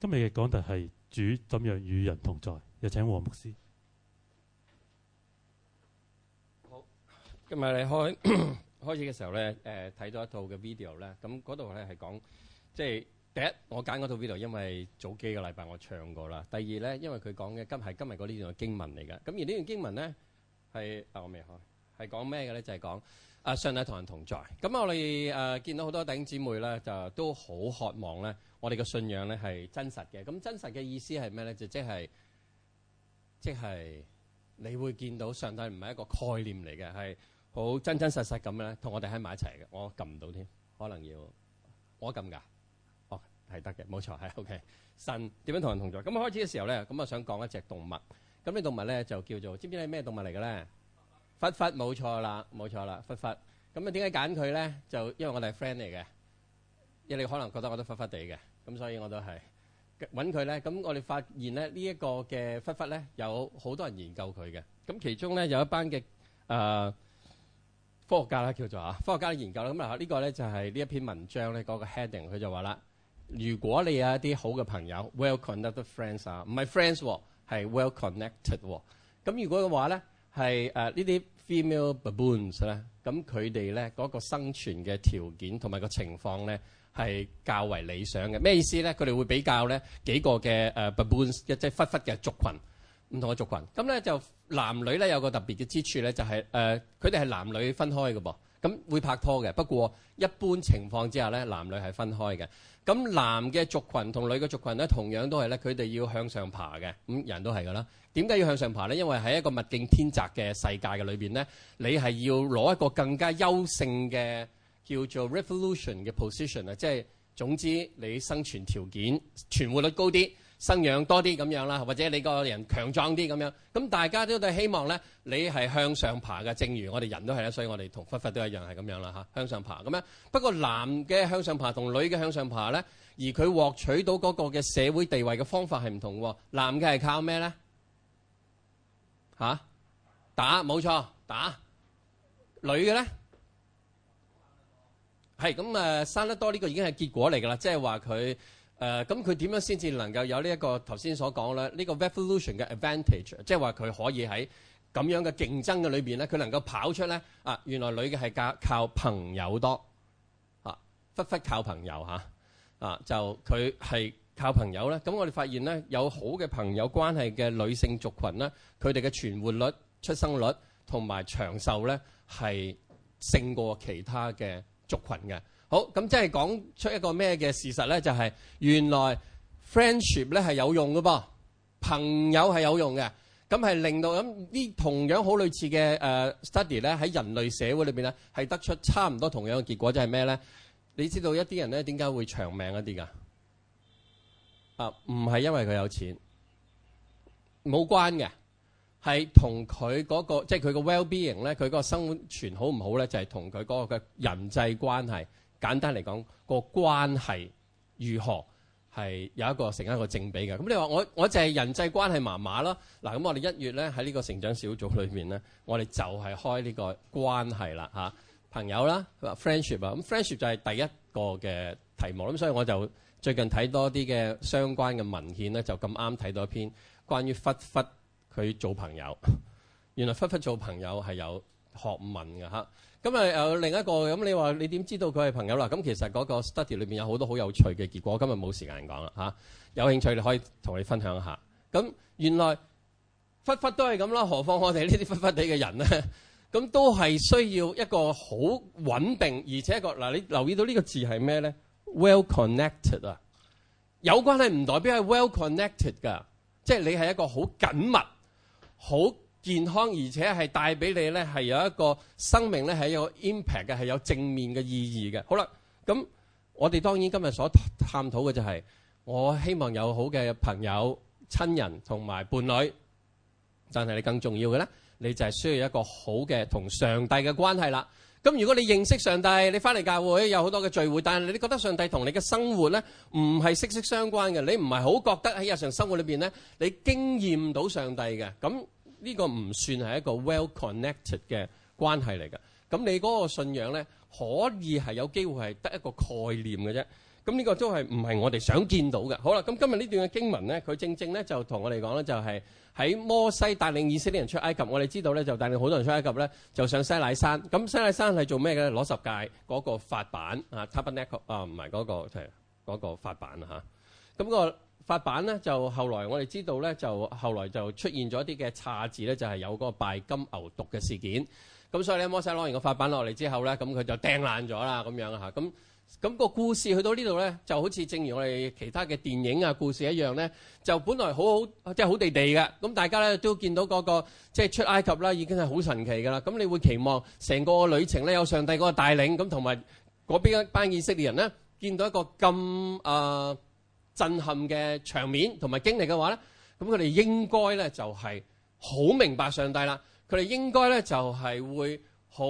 今日嘅講題係主怎樣與人同在？有請黃牧師。好，今日你開開始嘅時候咧，誒睇咗一套嘅 video 咧，咁嗰度咧係講即係第一，我揀嗰套 video，因為早幾個禮拜我唱過啦。第二咧，因為佢講嘅今係今日嗰呢段經文嚟嘅。咁而呢段經文咧係啊，我未開係講咩嘅咧？就係、是、講阿上帝同人同在。咁我哋誒、啊、見到好多弟兄姊妹咧，就都好渴望咧。我哋嘅信仰咧係真實嘅，咁真實嘅意思係咩咧？就即係，即係你會見到上帝唔係一個概念嚟嘅，係好真真實實咁樣，同我哋喺埋一齊嘅。我撳唔到添，可能要我撳㗎。哦，係得嘅，冇錯，係 OK 神。神點樣同人同在？咁開始嘅時候咧，咁啊想講一隻動物。咁呢動物咧就叫做，知唔知係咩動物嚟嘅咧？狒狒，冇錯啦，冇錯啦，狒狒。咁啊點解揀佢咧？就因為我哋係 friend 嚟嘅，你可能覺得我都狒狒地嘅。咁所以我都係揾佢咧。咁我哋發現咧，這個、呢一個嘅狒狒咧，有好多人研究佢嘅。咁其中咧有一班嘅誒、呃、科學家啦，叫做啊科學家研究啦。咁啊呢個咧就係、是、呢一篇文章咧嗰、那個 heading，佢就話啦：如果你有一啲好嘅朋友 ，well-connected friends 啊，唔係 friends 喎、啊，係 well-connected 喎。咁、啊、如果嘅話咧，係誒、啊、呢啲 female baboons 咧，咁佢哋咧嗰個生存嘅條件同埋個情況咧。係較為理想嘅，咩意思咧？佢哋會比較咧幾個嘅誒，baboon、uh, 即係狒狒嘅族群，唔同嘅族群。咁咧就男女咧有個特別嘅之處咧、就是，就係誒佢哋係男女分開嘅噃，咁會拍拖嘅。不過一般情況之下咧，男女係分開嘅。咁男嘅族群同女嘅族群咧，同樣都係咧，佢哋要向上爬嘅。咁人都係㗎啦。點解要向上爬咧？因為喺一個物競天擇嘅世界嘅裏邊咧，你係要攞一個更加優勝嘅。叫做 revolution 嘅 position 啊，即係總之你生存條件存活率高啲，生養多啲咁樣啦，或者你個人強壯啲咁樣，咁大家都都係希望咧，你係向上爬嘅。正如我哋人都係啦，所以我哋同狒狒都一樣係咁樣啦嚇，向上爬咁樣。不過男嘅向上爬同女嘅向上爬咧，而佢獲取到嗰個嘅社會地位嘅方法係唔同喎。男嘅係靠咩咧？嚇、啊，打，冇錯，打。女嘅咧？係咁誒生得多，呢個已經係結果嚟㗎啦，即係話佢誒，咁佢點樣先至能夠有呢一個頭先所講呢，呢個 revolution 嘅 advantage，即係話佢可以喺咁樣嘅競爭嘅裏面咧，佢能夠跑出咧啊！原來女嘅係靠靠朋友多啊，忽忽靠朋友嚇啊，就佢係靠朋友咧。咁我哋發現咧，有好嘅朋友關係嘅女性族群咧，佢哋嘅存活率、出生率同埋長壽咧係勝過其他嘅。族群嘅，好，咁，即係講出一個咩嘅事實咧？就係、是、原來 friendship 咧係有用嘅噃，朋友係有用嘅。咁係令到咁呢，同樣好類似嘅 study 咧喺人類社會裏面咧，係得出差唔多同樣嘅結果，就係咩咧？你知道一啲人咧點解會長命一啲㗎啊？唔係因為佢有錢，冇關嘅。係同佢嗰個，即係佢個 well-being 咧，佢個生存好唔好咧，就係同佢嗰個嘅人際關係。簡單嚟講，個關係如何係有一個成一個正比嘅。咁你話我我就係人際關係麻麻啦。嗱，咁我哋一月咧喺呢個成長小組裏面咧，我哋就係開呢個關係啦吓，朋友啦，friendship 啊，咁 friendship 就係第一個嘅題目。咁所以我就最近睇多啲嘅相關嘅文獻咧，就咁啱睇到一篇關於忽忽。佢做朋友，原來忽忽做朋友係有學問嘅嚇。咁啊有另一個咁，你話你點知道佢係朋友啦？咁其實嗰個 study 裏面有好多好有趣嘅結果，今日冇時間講啦嚇。有興趣你可以同我哋分享一下。咁原來忽忽都係咁啦，何況我哋呢啲忽忽地嘅人咧？咁都係需要一個好穩定，而且一個，嗱你留意到呢個字係咩咧？Well connected 啊，connect ed，有關係唔代表係 well connected 㗎，即係、就是、你係一個好緊密。好健康，而且係帶俾你呢，係有一個生命呢，係有 impact 嘅，係有正面嘅意義嘅。好啦，咁我哋當然今日所探討嘅就係、是、我希望有好嘅朋友、親人同埋伴侶，但係你更重要嘅呢，你就係需要一個好嘅同上帝嘅關係啦。咁如果你認識上帝，你翻嚟教會有好多嘅聚會，但係你覺得上帝同你嘅生活咧唔係息息相關嘅，你唔係好覺得喺日常生活裏邊咧你經驗到上帝嘅，咁呢個唔算係一個 well connected 嘅關係嚟嘅。咁你嗰個信仰咧可以係有機會係得一個概念嘅啫。咁呢個都係唔係我哋想見到嘅。好啦，咁今日呢段嘅經文咧，佢正正咧就同我哋講咧就係。喺摩西帶領以色列人出埃及，我哋知道咧就帶領好多人出埃及咧就上西奈山。咁西奈山係做咩嘅咧？攞十誡嗰個法版啊，Tabernacle 啊，唔係嗰個即係嗰個法版啊。嚇，咁個法版咧就後來我哋知道咧就後來就出現咗一啲嘅岔字咧，就係、係、有嗰個拜金牛犢嘅事件。咁所以咧摩西攞完個法版落嚟之後咧，咁佢就掟爛咗啦，咁樣嚇咁。咁個故事去到呢度咧，就好似正如我哋其他嘅電影啊故事一樣咧，就本來好好即係好地地嘅。咁大家咧都見到嗰、嗰個即係、即係、出埃及啦，已經係好神奇㗎啦。咁你會期望成個旅程咧有上帝嗰個帶領，咁同埋嗰邊一班以色列人咧見到一個咁啊、呃、震撼嘅場面同埋經歷嘅話咧，咁佢哋應該咧就係好明白上帝啦。佢哋應該咧就係會好。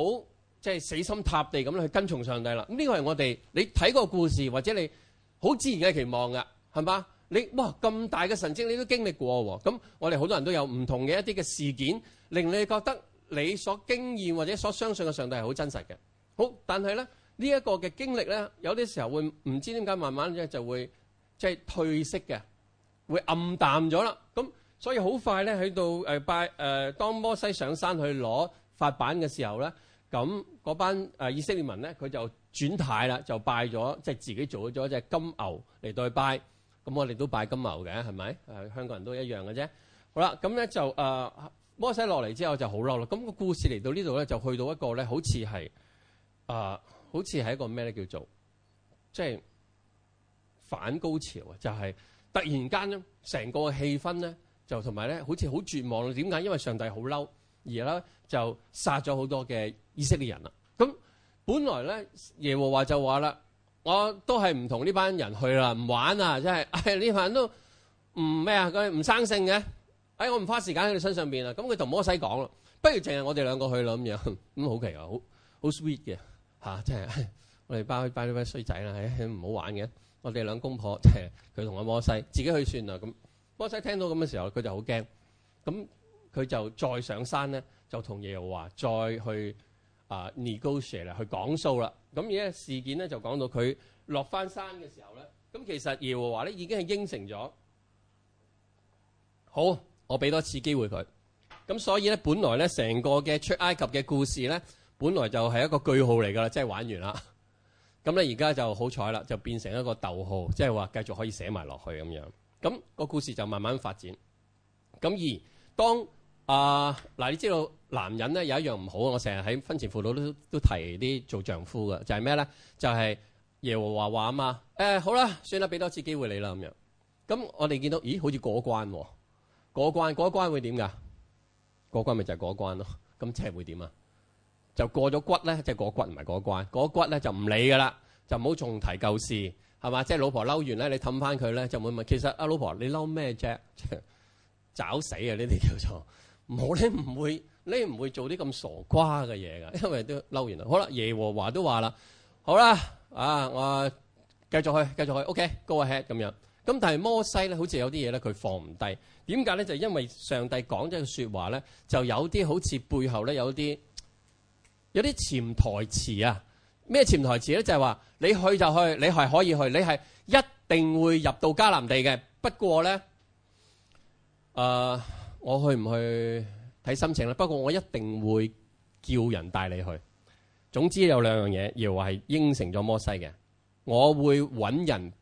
即係死心塌地咁去跟從上帝啦。咁呢個係我哋你睇個故事或者你好自然嘅期望噶，係嘛？你哇咁大嘅神蹟你都經歷過喎。咁我哋好多人都有唔同嘅一啲嘅事件，令你覺得你所經驗或者所相信嘅上帝係好真實嘅。好，但係咧呢一個嘅經歷咧，有啲時候會唔知點解慢慢咧就會即係褪色嘅，會暗淡咗啦。咁所以好快咧去到拜誒、呃、當摩西上山去攞法版嘅時候咧。咁嗰班誒以色列民咧，佢就轉態啦，就拜咗即係自己做咗隻金牛嚟代拜。咁我哋都拜金牛嘅，係咪？誒，香港人都一樣嘅啫。好啦，咁咧就誒摩西落嚟之後就好嬲啦。咁個故事嚟到呢度咧，就去到一個咧，好似係誒，好似係一個咩咧叫做即係反高潮啊！就係突然間咧，成個氣氛咧就同埋咧，好似好絕望。點解？因為上帝好嬲，而啦就殺咗好多嘅以色列人啊，咁本來咧，耶和華就話啦，我都係唔同呢班人去啦，唔玩，即係哎哎、啊，真係呢班人都唔咩啊，佢唔生性嘅，哎，我唔花時間喺你身上邊啦，咁佢同摩西講啦，不如淨係我哋兩個去咯咁樣，咁好奇啊，好好 sweet 嘅，吓，真係我哋包包呢班衰仔啦，唔好玩嘅，我哋兩公婆，即係佢同阿摩西自己去算啦，咁摩西聽到咁嘅時候，佢就好驚，咁佢就再上山咧，就同耶和華再去。啊，negotiate 啦，Neg ate，去講數啦。咁而家事件咧就講到佢落翻山嘅時候咧，咁其實耶和華咧已經係應承咗。好，我俾多次機會佢。咁所以咧，本來咧成個嘅出埃及嘅故事咧，本來就係一個句號嚟㗎啦，即係玩完啦。咁咧而家就好彩啦，就變成一個逗號，即係話繼續可以寫埋落去咁樣。咁、個故事就慢慢發展。咁而當啊嗱、呃，你知道男人咧有一樣唔好，我成日喺婚前輔導都都提啲做丈夫嘅，就係咩咧？就係、是、耶和華話啊嘛。誒、欸、好啦，算啦，俾多次機會你啦咁樣。咁我哋見到咦，好似過關喎，哦。過關過關會點㗎？過關咪就係過關咯。咁即係會點啊？就過咗骨咧，即、就、係、是、過骨唔係過關。過骨咧就唔理㗎啦，就唔好仲提舊事係嘛。即係、就是、老婆嬲完咧，你氹翻佢咧就冇問題。其實阿、啊、老婆你嬲咩啫？找 死啊！呢啲叫做～我咧，唔會，你唔會做啲咁傻瓜嘅嘢噶，因為都嬲完啦。好啦，耶和華都話啦，好啦，啊我繼續去，繼續去，OK，Go ahead 咁樣。咁但係摩西咧，好似有啲嘢咧，佢放唔低。點解咧？就因為上帝講咗句說話咧，就有啲好似背後咧有啲有啲潛台詞啊。咩潛台詞咧？就係話你去就去，你係可以去，你係一定會入到迦南地嘅。不過咧，誒、呃。我去唔去睇心情啦？不過我一定會叫人帶你去。總之有兩樣嘢，亦話係應承咗摩西嘅。我會揾人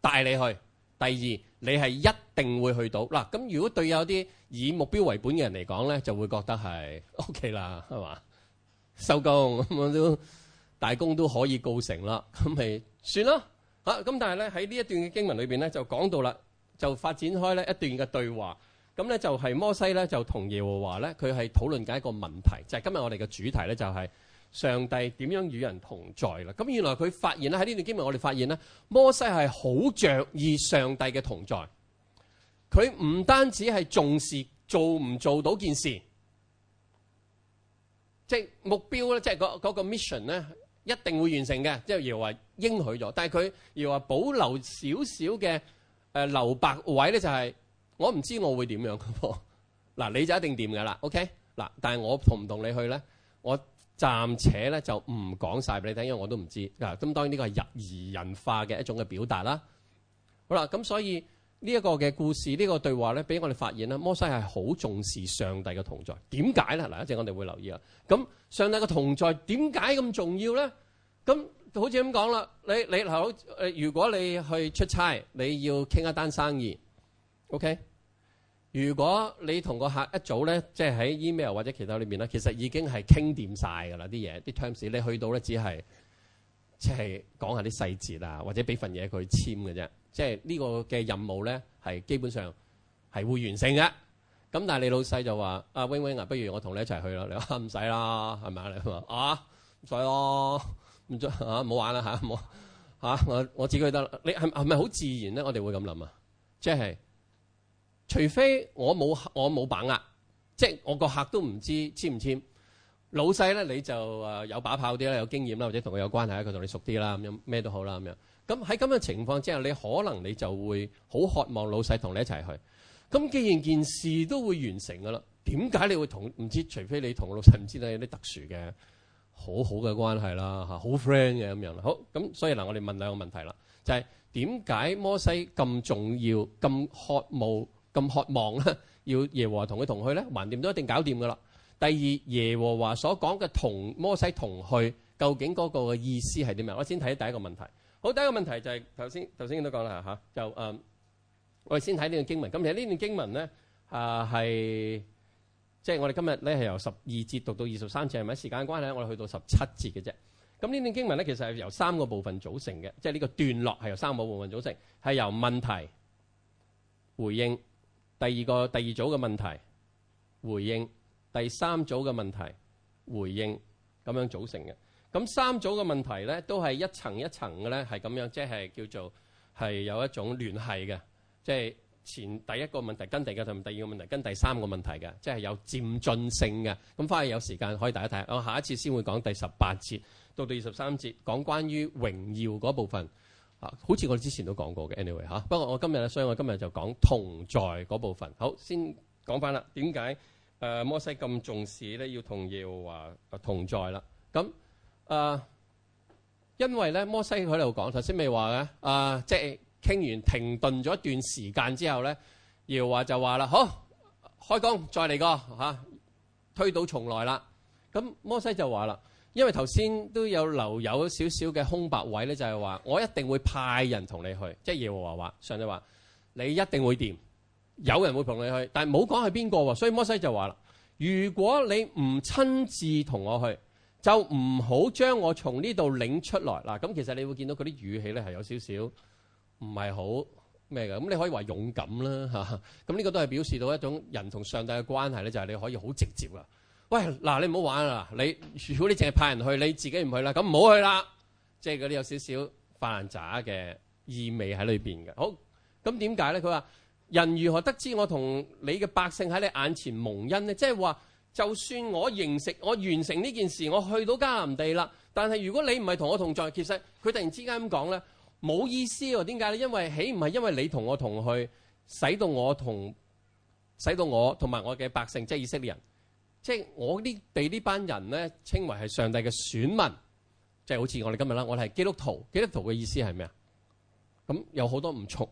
帶你去。第二，你係一定會去到。嗱，咁如果對有啲以目標為本嘅人嚟講咧，就會覺得係 OK 啦，係嘛？收 工，我都大功都可以告成啦，咁咪算啦。咁、啊，但係咧，喺呢一段嘅經文裏面咧，就講到啦，就發展開咧一段嘅對話。咁咧就係摩西咧，就同耶和華咧，佢係討論緊一個問題，就係今日我哋嘅主題咧，就係上帝點樣與人同在啦。咁原來佢發現咧，喺呢段經文我哋發現咧，摩西係好着意上帝嘅同在，佢唔單止係重視做唔做到件事，即係目標咧，即係嗰個 mission 咧，一定會完成嘅，即係耶和華應許咗。但係佢要話保留少少嘅誒留白位咧，就係。我唔知我會點樣嗱， 你就一定掂嘅啦，OK 嗱。但係我同唔同你去咧，我暫且咧就唔講晒俾你聽，因為我都唔知嗱。咁當然呢個係日而人化嘅一種嘅表達啦。好啦，咁所以呢一個嘅故事，呢個對話咧，俾我哋發現啦，摩西係好重視上帝嘅同在。點解咧？嗱，一陣我哋會留意啦。咁上帝嘅同在點解咁重要咧？咁好似咁講啦，你你嗱，如果你去出差，你要傾一單生意，OK？如果你同個客一早咧，即係喺 email 或者其他裏面咧，其實已經係傾掂晒㗎啦，啲嘢啲 terms。你去到咧，只係即係講下啲細節啊，或者俾份嘢佢簽嘅啫。即係呢個嘅任務咧，係基本上係會完成嘅。咁但係你老細就話：阿 wing wing 啊，不如我同你一齊去啦。你話唔使啦，係咪啊？你話啊唔使咯，唔準啊唔好玩啦嚇，冇嚇我我自己去得啦。你係係咪好自然咧？我哋會咁諗啊，即係。除非我冇我冇把握，即係我個客都唔知簽唔簽，老細咧你就誒有把炮啲啦，有經驗啦，或者同佢有關係啦，佢同你熟啲啦，咁樣咩都好啦，咁樣。咁喺咁嘅情況之下，你可能你就會好渴望老細同你一齊去。咁既然件事都會完成噶啦，點解你會同唔知？除非你同老細唔知道有啲特殊嘅好好嘅關係啦，吓好 friend 嘅咁樣。好，咁所以嗱，我哋問兩個問題啦，就係點解摩西咁重要咁渴望？咁渴望咧，要耶和華同佢同去咧，橫掂都一定搞掂噶啦。第二，耶和華所講嘅同摩西同去，究竟嗰個意思係點樣？我先睇第一個問題。好，第一個問題就係頭先頭先都講啦嚇，就誒，我哋先睇呢段經文。咁其實呢段經文咧，誒係即係我哋今日咧係由十二節讀到二十三節，係咪時間嘅關係？我哋去到十七節嘅啫。咁呢段經文咧，其實係由三個部分組成嘅，即係呢個段落係由三個部分組成，係由問題回應。第二個第二組嘅問題回應，第三組嘅問題回應，咁樣組成嘅。咁三組嘅問題咧，都係一層一層嘅咧，係咁樣，即係叫做係有一種聯繫嘅。即係前第一個問題跟第二個同第二個問題跟第三個問題嘅，即係有漸進性嘅。咁返去有時間可以大家睇下。我下一次先會講第十八節到第二十三節，講關於榮耀嗰部分。啊，好似我哋之前都講過嘅，anyway 嚇。不過我今日咧，所以我今日就講同在嗰部分。好，先講翻啦。點解誒摩西咁重視咧？要同耶和華同在啦。咁誒、呃，因為咧摩西喺度講，頭先未話嘅誒，即係傾完停頓咗一段時間之後咧，耶和華就話啦：好，開工，再嚟個嚇，推、啊、倒重來啦。咁摩西就話啦。因為頭先都有留有少少嘅空白位咧，就係話我一定會派人同你去，即係耶和華話上帝話你一定會掂，有人會同你去，但係冇講係邊個喎，所以摩西就話啦：如果你唔親自同我去，就唔好將我從呢度領出來嗱。咁其實你會見到嗰啲語氣咧係有少少唔係好咩嘅。咁你可以話勇敢啦嚇。咁呢個都係表示到一種人同上帝嘅關係咧，就係你可以好直接㗎。喂，嗱你唔好玩啦。你如果你淨係派人去，你自己唔去啦，咁唔好去啦。即係嗰啲有少少發爛渣嘅意味喺裏面嘅。好，咁點解咧？佢話：「人如何得知我同你嘅百姓喺你眼前蒙恩呢？」即係話，就算我認識，我完成呢件事，我去到迦南地啦。但係如果你唔係同我同在，其實佢突然之間咁講咧，冇意思喎、啊。點解咧？因為起唔係因為你同我同去，使到我同使到我同埋我嘅百姓，即、就、係、是、以色列人。即係我地呢地呢班人咧，稱為係上帝嘅選民，即、就、係、是、好似我哋今日啦。我哋係基督徒，基督徒嘅意思係咩啊？咁有好多唔重、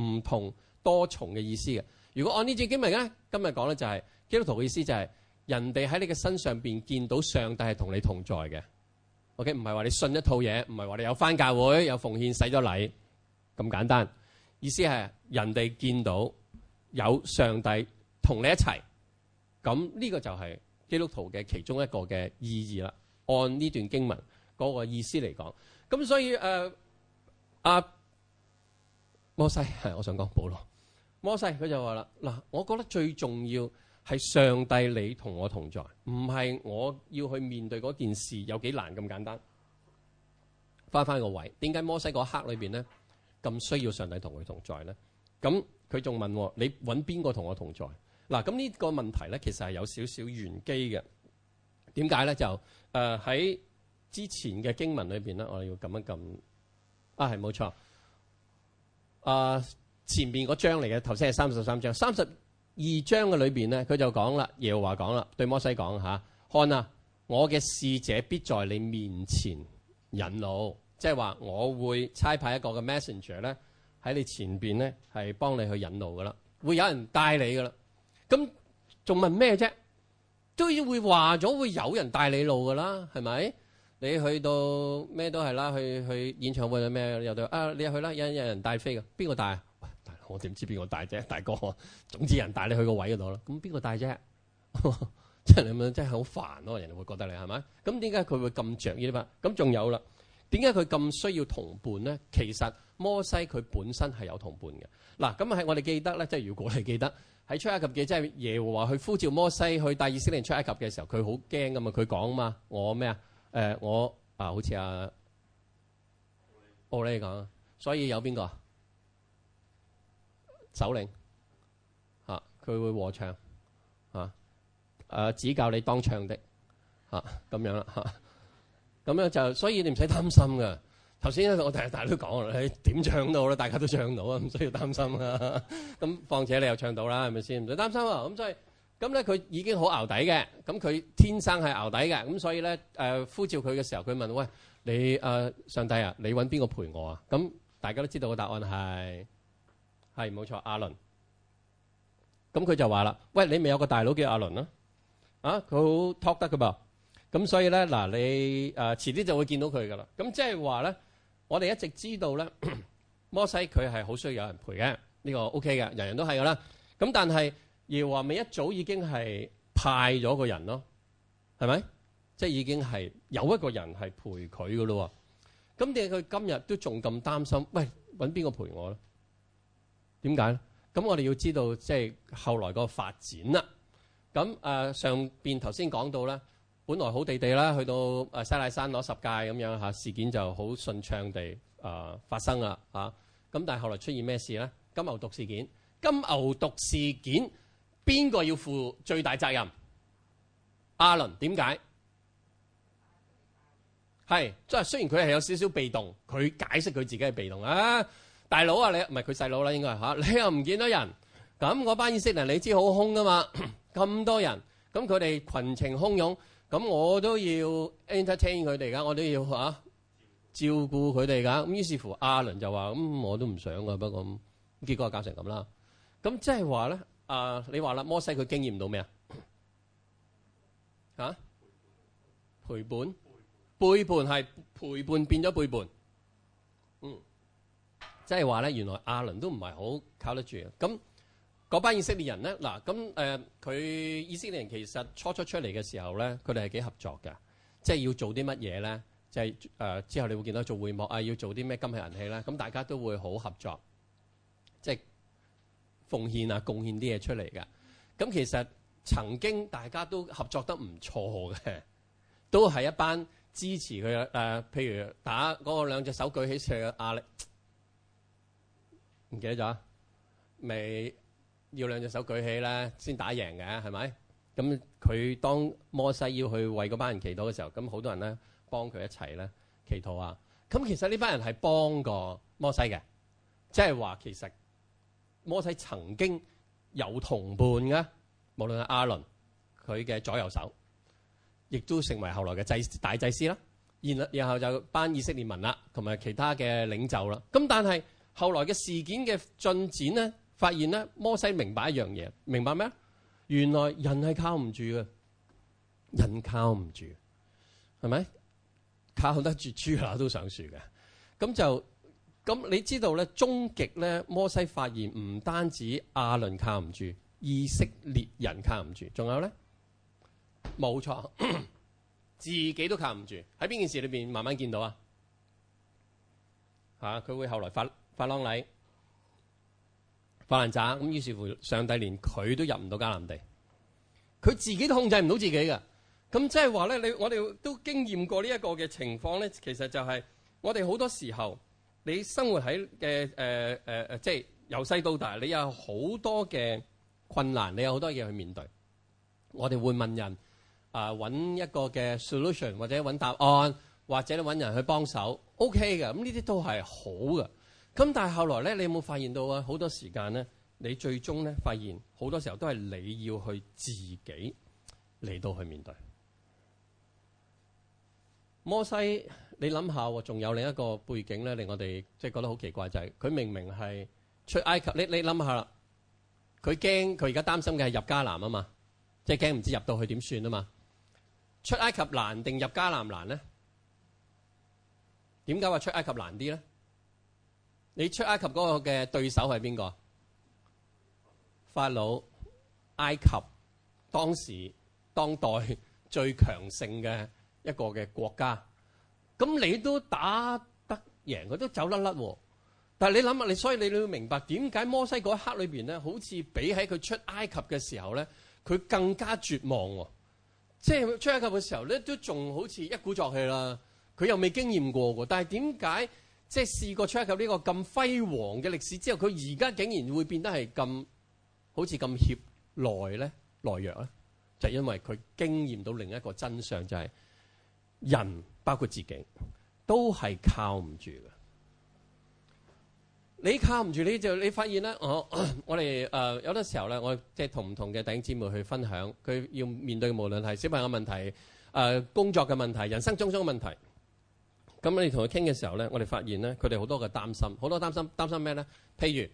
唔同、多重嘅意思嘅。如果按呢段經文咧，今日講咧就係、是、基督徒嘅意思就係、是、人哋喺你嘅身上邊見到上帝係同你同在嘅。OK，唔係話你信一套嘢，唔係話你有返教會有奉獻洗咗禮咁簡單。意思係人哋見到有上帝同你一齊。咁呢個就係基督徒嘅其中一個嘅意義啦。按呢段經文嗰個意思嚟講，咁所以誒阿、呃啊、摩西係我想講，保羅摩西佢就話啦：嗱，我覺得最重要係上帝你同我同在，唔係我要去面對嗰件事有幾難咁簡單。翻翻個位，點解摩西嗰一刻裏邊咧咁需要上帝同佢同在咧？咁佢仲問我，你揾邊個同我同在？嗱，咁呢個問題咧，其實係有少少玄機嘅。點解咧？就誒喺、呃、之前嘅經文裏邊咧，我哋要撳一撳啊，係冇錯啊。前面嗰章嚟嘅，頭先係三十三章三十二章嘅裏邊咧，佢就講啦，耶和華講啦，對摩西講嚇，看啊，我嘅使者必在你面前引路，即係話我會差派一個嘅 messenger 咧喺你前邊咧，係幫你去引路噶啦，會有人帶你噶啦。咁仲問咩啫？都已經會話咗會有人帶你路噶啦，係咪？你去到咩都係啦，去去演唱會咩又對，啊？你去啦，有人有人帶飛㗎，邊個帶啊、哎？我點知邊個帶啫？大哥，總之人帶你去個位嗰度啦。咁邊個帶啫？ 真係咁，真係好煩咯、啊。人哋會覺得你係咪？咁點解佢會咁著意呢？咁仲有啦。點解佢咁需要同伴咧？其實摩西佢本身係有同伴嘅。嗱，咁係我哋記得咧，即係如果你記得喺出埃及記，即係耶和華去呼召摩西去帶以色列人出埃及嘅時候，佢好驚噶嘛？佢講啊嘛，我咩啊？誒、呃，我啊，好似阿奧利講，所以有邊個首領啊？佢會和唱啊？誒、呃，指教你當唱的啊？咁樣啦、啊、嚇。咁咧就，所以你唔使擔心噶。頭先我第大家都講啦，點、哎、唱到好啦，大家都唱到啊，唔需要擔心啦。咁， 況且你又唱到啦，係咪先？唔使擔心啊。咁所以，咁咧佢已經好淆底嘅。咁佢天生係淆底嘅。咁所以咧，誒、呃、呼召佢嘅時候，佢問喂，你誒、呃、上帝啊，你揾邊個陪我啊？咁大家都知道個答案係係冇錯，阿倫。咁佢就話啦，喂，你咪有一個大佬叫阿倫啦、啊，啊，佢好 talk 得噶噃。咁所以咧，嗱你誒、啊、遲啲就會見到佢㗎啦。咁即係話咧，我哋一直知道咧，摩西佢係好需要有人陪嘅呢、這個 O.K. 嘅，人人都係㗎啦。咁但係耶和華咪一早已經係派咗個人咯，係咪？即、就、係、是、已經係有一個人係陪佢㗎咯。咁點解佢今日都仲咁擔心？喂，搵邊個陪我咧？點解咧？咁我哋要知道即係、就是、後來個發展啦。咁誒、啊、上邊頭先講到咧。本來好地地啦，去到誒西乃山攞十誡咁樣嚇事件就好順暢地誒發生啦嚇。咁但係後來出現咩事咧？金牛犢事件，金牛犢事件邊個要負最大責任？阿倫點解係即係雖然佢係有少少被動，佢解釋佢自己係被動啦、啊。大佬啊你不是他弟弟，你唔係佢細佬啦，應該係你又唔見到人咁嗰班以色列嗱，你知好兇噶嘛咁多人咁佢哋群情洶湧。咁我都要 entertain 佢哋㗎，我都要、啊、照顧佢哋㗎。咁於是乎，阿倫就話，咁、嗯、我都唔想㗎。不過，結果係搞成咁啦。咁即係話咧，啊，你話啦，摩西佢經驗到咩啊？陪伴，陪伴背叛係陪伴變咗背叛。嗯，即係話咧，原來阿倫都唔係好靠得住啊。咁。嗰班以色列人咧，嗱咁誒，佢、呃、以色列人其實初初出嚟嘅時候咧，佢哋係幾合作嘅。即係要做啲乜嘢咧？就係誒之後你會見到做會幕啊，要做啲咩金器銀器啦，咁大家都會好合作，即係奉獻啊，貢獻啲嘢出嚟嘅。咁其實曾經大家都合作得唔錯嘅，都係一班支持佢誒、呃，譬如打嗰兩隻手舉起嚟嘅壓力，唔記得咗未？要兩隻手舉起咧，先打贏嘅，係咪？咁佢當摩西要去為嗰班人祈禱嘅時候，咁好多人咧幫佢一齊咧祈禱啊！咁其實呢班人係幫過摩西嘅，即係話其實摩西曾經有同伴嘅，無論係亞倫佢嘅左右手，亦都成為後來嘅祭大祭司啦。然然後就班以色列民啦，同埋其他嘅領袖啦。咁但係後來嘅事件嘅進展咧。發現咧，摩西明白一樣嘢，明白咩？原來人係靠唔住嘅，人靠唔住，係咪？靠得住，豬乸都上樹嘅。咁就咁，你知道咧，終極咧，摩西發現唔單止亞倫靠唔住，以色列人靠唔住，仲有咧，冇錯咳咳，自己都靠唔住。喺邊件事裏面慢慢見到啊？佢、啊、會後來發發喪法蘭扎咁，於是乎上帝連佢都入唔到迦南地，佢自己都控制唔到自己㗎。咁即係話咧，你我哋都經驗過呢一個嘅情況咧，其實就係我哋好多時候，你生活喺嘅、呃呃、即係由細到大，你有好多嘅困難，你有好多嘢去面對。我哋會問人啊，揾、呃、一個嘅 solution 或者揾答案，或者你揾人去幫手，OK 嘅。咁呢啲都係好嘅。咁但係後來咧，你有冇發現到啊？好多時間咧，你最終咧發現好多時候都係你要去自己嚟到去面對。摩西，你諗下喎，仲有另一個背景咧，令我哋即係覺得好奇怪就係佢明明係出埃及，你你諗下啦，佢驚佢而家擔心嘅係入迦南啊嘛，即係驚唔知入到去點算啊嘛。出埃及難定入迦南難咧？點解話出埃及難啲咧？你出埃及嗰個嘅對手係邊個？法老，埃及當時當代最強盛嘅一個嘅國家，咁你都打得贏佢都走甩甩喎。但係你諗下，你所以你都要明白點解摩西嗰一刻裏邊咧，好似比喺佢出埃及嘅時候咧，佢更加絕望喎。即係佢出埃及嘅時候咧，都仲好似一鼓作氣啦。佢又未經驗過喎。但係點解？即係試過 c h 呢個咁輝煌嘅歷史之後，佢而家竟然會變得係咁好似咁怯內咧內弱咧，就是、因為佢經驗到另一個真相，就係、是、人包括自己都係靠唔住嘅。你靠唔住你就你發現咧、哦呃，我我哋誒有多時候咧，我即係同唔同嘅弟兄姊妹去分享，佢要面對的無論係小朋友問題、誒、呃、工作嘅問題、人生中中問題。咁你同佢傾嘅時候咧，我哋發現咧，佢哋好多嘅擔心，好多擔心擔心咩咧？譬如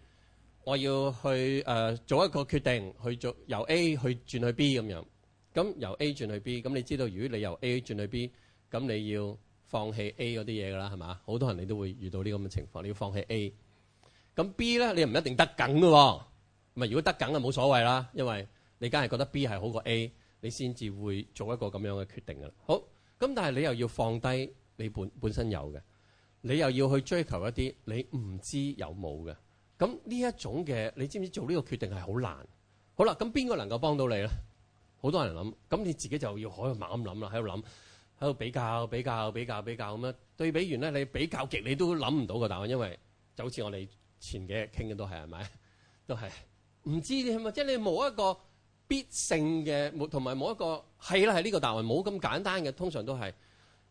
我要去、呃、做一個決定，去做由 A 去轉去 B 咁樣。咁由 A 轉去 B，咁你知道如果你由 A 轉去 B，咁你要放棄 A 嗰啲嘢噶啦，係嘛？好多人你都會遇到呢咁嘅情況，你要放棄 A。咁 B 咧，你唔一定得梗噶喎、哦。如果得梗啊冇所謂啦，因為你梗係覺得 B 係好過 A，你先至會做一個咁樣嘅決定噶啦。好，咁但係你又要放低。你本本身有嘅，你又要去追求一啲你唔知有冇嘅，咁呢一種嘅，你知唔知做呢個決定係好難？好啦，咁邊個能夠幫到你咧？好多人諗，咁你自己就要喺度猛咁諗啦，喺度諗，喺度比較比較比較比較咁樣對比完咧，你比較極你都諗唔到個答案，因為就好似我哋前幾日傾嘅都係係咪？都係唔知點啊！即係你冇一個必勝嘅，同埋冇一個係啦係呢個答案，冇咁簡單嘅，通常都係。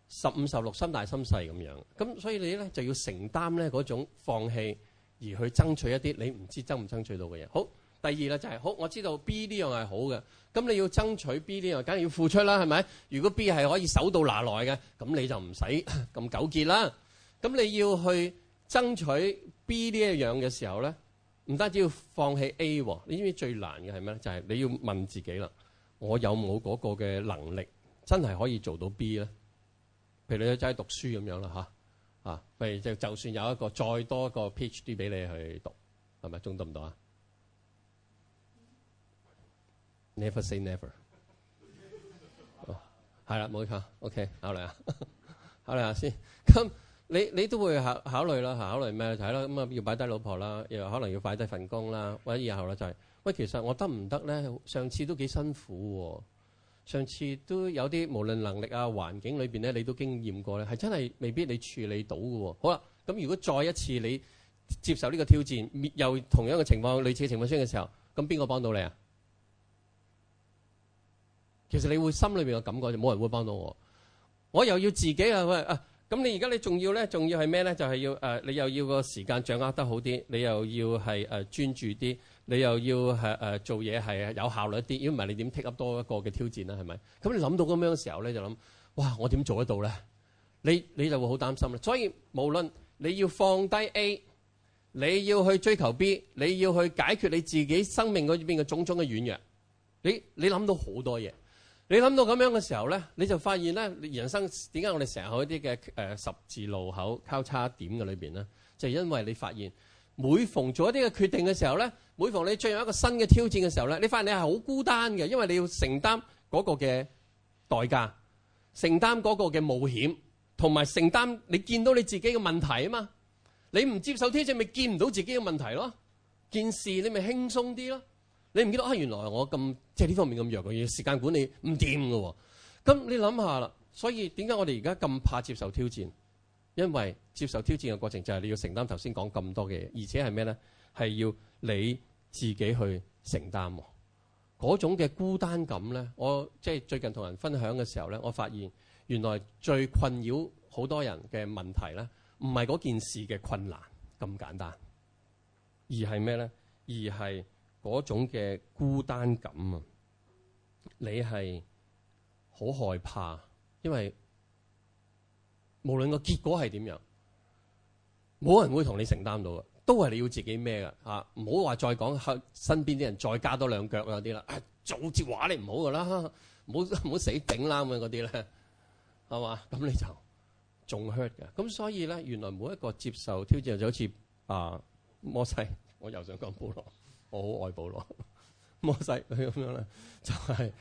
十五十六，15, 16, 心大心細咁樣，咁所以你咧就要承擔咧嗰種放棄，而去爭取一啲你唔知爭唔爭取到嘅嘢。好，第二啦就係、是、好，我知道 B 呢樣係好嘅，咁你要爭取 B 呢樣，梗係要付出啦，係咪？如果 B 係可以手到拿來嘅，咁你就唔使咁糾結啦。咁你要去爭取 B 呢一樣嘅時候咧，唔單止要放棄 A，你知唔知最難嘅係咩咧？就係、是、你要問自己啦，我有冇嗰個嘅能力真係可以做到 B 咧？譬如你齋讀書咁樣啦吓，啊，譬如就就算有一個再多一個 PhD 俾你去讀，係咪仲得唔得啊？Never say never、 哦。係啦，冇錯。OK，考慮下，考慮下先。咁你你都會考考慮啦，考慮咩睇啦？咁、就、啊、係、要擺低老婆啦，又可能要擺低份工啦，或者以後啦就係、係、喂，其實我得唔得咧？上次都幾辛苦喎。上次都有啲無論能力啊、環境裏面咧，你都經驗過咧，係真係未必你處理到嘅喎。好啦，咁如果再一次你接受呢個挑戰，又同樣嘅情況、類似嘅情況出現嘅時候，咁邊個幫到你啊？其實你會心裏面嘅感覺就冇人會幫到我，我又要自己啊喂啊！咁你而家你仲要咧？仲要係咩咧？就係、是、要、呃、你又要個時間掌握得好啲，你又要係誒、呃、專注啲。你又要係、呃、做嘢係有效率一啲，如果唔係你點 take up 多一個嘅挑戰啦？係咪咁？你諗到咁樣嘅時候咧，就諗哇，我點做得到咧？你你就會好擔心啦。所以無論你要放低 A，你要去追求 B，你要去解決你自己生命嗰邊嘅種種嘅軟弱，你你諗到好多嘢。你諗到咁樣嘅時候咧，你就發現咧，你人生點解我哋成日去一啲嘅十字路口交叉點嘅裏邊咧，就係、因為你發現每逢做一啲嘅決定嘅時候咧。每逢你進入一個新嘅挑戰嘅時候咧，你發現你係好孤單嘅，因為你要承擔嗰個嘅代價，承擔嗰個嘅冒險，同埋承擔你見到你自己嘅問題啊嘛。你唔接受挑戰，咪見唔到自己嘅問題咯。件事你咪輕鬆啲咯。你唔見到啊，原來我咁即係呢方面咁弱嘅嘢，時間管理唔掂㗎喎。咁你諗下啦，所以點解我哋而家咁怕接受挑戰？因為接受挑戰嘅過程就係你要承擔頭先講咁多嘅嘢，而且係咩咧？係要。你自己去承擔喎，嗰種嘅孤單感咧，我即係最近同人分享嘅時候咧，我發現原來最困擾好多人嘅問題咧，唔係嗰件事嘅困難咁簡單，而係咩咧？而係嗰種嘅孤單感啊！你係好害怕，因為無論個結果係點樣，冇人會同你承擔到嘅！都係你要自己孭噶嚇，唔好話再講，身邊啲人再加多兩腳嗰啲、啊、啦，做接話你唔好噶啦，唔好唔好死頂啦咁嗰啲咧，係嘛？咁你就仲 hurt 嘅。咁所以咧，原來每一個接受挑戰就好似啊摩西，我又想講保羅，我好愛保羅。摩西你咁樣咧，就係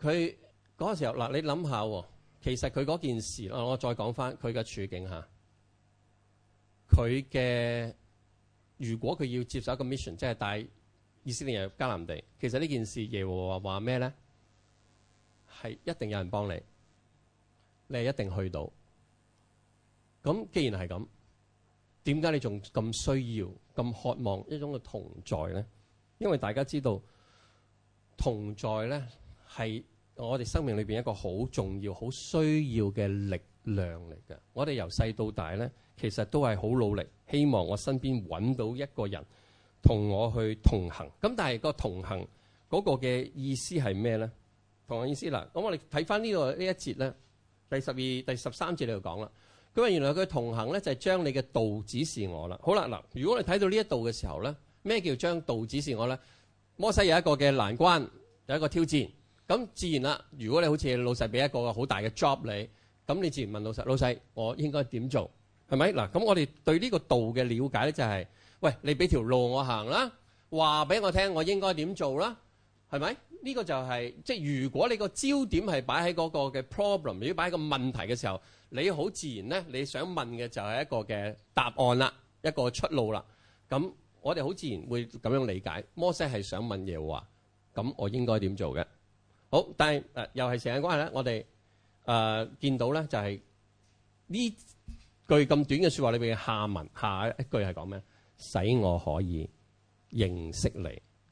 佢嗰時候嗱、啊，你諗下喎，其實佢嗰件事，我我再講翻佢嘅處境下，佢嘅。如果佢要接受一個 mission，即係帶以色列人入迦南地，其實呢件事說什麼呢，耶和華話咩咧？係一定有人幫你，你係一定去到。咁既然係咁，點解你仲咁需要、咁渴望一種嘅同在咧？因為大家知道，同在咧係我哋生命裏邊一個好重要、好需要嘅力量嚟嘅，我哋由細到大咧，其實都係好努力，希望我身邊揾到一個人同我去同行。咁但係個同行嗰個嘅意思係咩咧？同行意思嗱，咁我哋睇翻呢個呢一節咧，第十二、第十三節你就講啦。咁啊，原來佢同行咧就係將你嘅道指示我啦。好啦，嗱，如果你睇到呢一度嘅時候咧，咩叫將道指示我咧？摩西有一個嘅難關，有一個挑戰。咁自然啦，如果你好似老細俾一個好大嘅 job 你。咁你自然問老實，老細我應該點做？係咪？嗱，咁我哋對呢個道嘅瞭解咧，就係喂，你俾條路我行啦，話俾我聽，我應該點做啦？係咪？呢個就係即係如果你個焦點係擺喺嗰個嘅 problem，如果擺喺個問題嘅時候，你好自然咧，你想問嘅就係一個嘅答案啦，一個出路啦。咁我哋好自然會咁樣理解。摩西係想問耶和華，咁我應該點做嘅？好，但係誒，又係時間關係咧，我哋。誒、呃，見到咧就係、是、呢句咁短嘅說話裏邊嘅下文，下一句係講咩？使我可以認識你